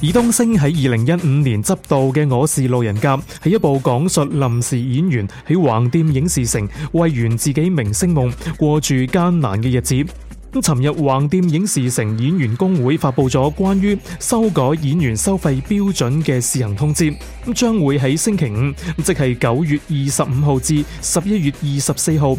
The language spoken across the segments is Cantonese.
爾冬升喺二零一五年執導嘅《我是路人甲》，係一部講述臨時演員喺橫店影視城為圓自己明星夢，過住艱難嘅日子。咁，尋日橫店影視城演員工會發佈咗關於修改演員收費標準嘅試行通知，咁將會喺星期五，即係九月二十五號至十一月二十四號。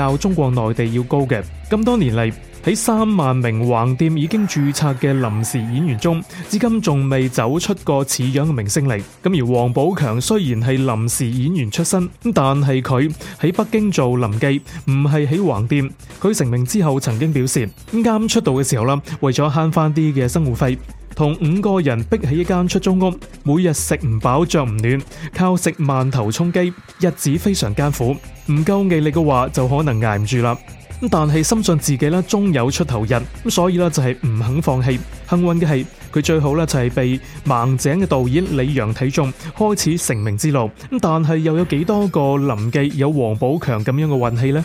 較中國內地要高嘅，咁多年嚟喺三萬名橫店已經注冊嘅臨時演員中，至今仲未走出過似樣嘅明星嚟。咁而王寶強雖然係臨時演員出身，咁但係佢喺北京做臨記，唔係喺橫店。佢成名之後曾經表示，啱出道嘅時候啦，為咗慳翻啲嘅生活費。同五個人逼喺一間出租屋，每日食唔飽著唔暖，靠食饅頭充飢，日子非常艱苦。唔夠毅力嘅話，就可能捱唔住啦。咁但係深信自己咧，終有出頭日。咁所以咧就係唔肯放棄。幸運嘅係，佢最好咧就係被盲井嘅導演李揚睇中，開始成名之路。咁但係又有幾多個臨記有王寶強咁樣嘅運氣咧？